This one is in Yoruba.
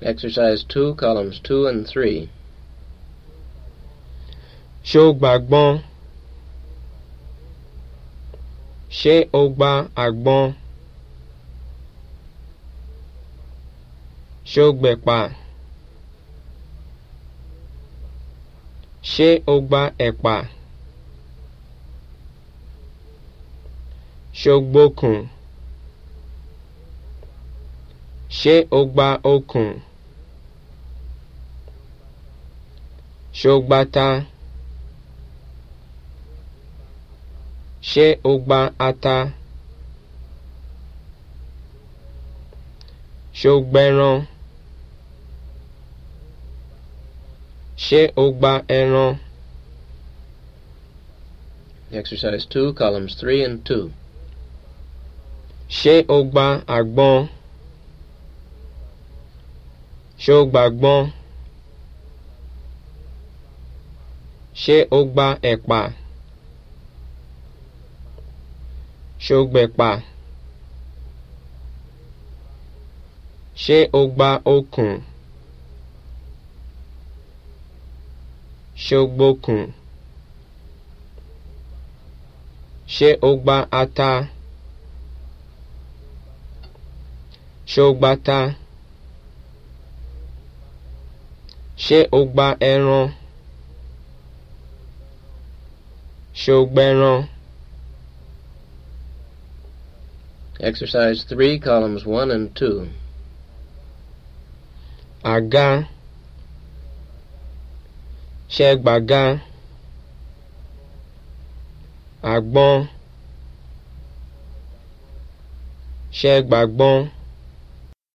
Exercise 2, columns 2 and 3. Shogba o gba àgbọn? Ṣé o àgbọn? Ṣé o gbẹ̀pà? Ṣé o gba ẹ̀pà? Ṣé o ṣé o gba okùn ṣé ogbata. gba ta ṣé o gba ata ṣé o gbẹran ṣé o gba ẹran. Exercise two, columns three and two. Ṣé o gba àgbọn? Ṣé o gbàgbọ́n? Ṣé o gba ẹ̀pà? Ṣé o gbẹ̀pà? Ṣé o gba okùn? Ṣé o gbókùn? Ṣé o gba ata? Ṣé o gbata? Ṣé o gba ẹran? Ṣé o Exercise 3, columns 1 and 2. Àga. Ṣé gbàga? Àgbọn. Ṣé gbàgbọn?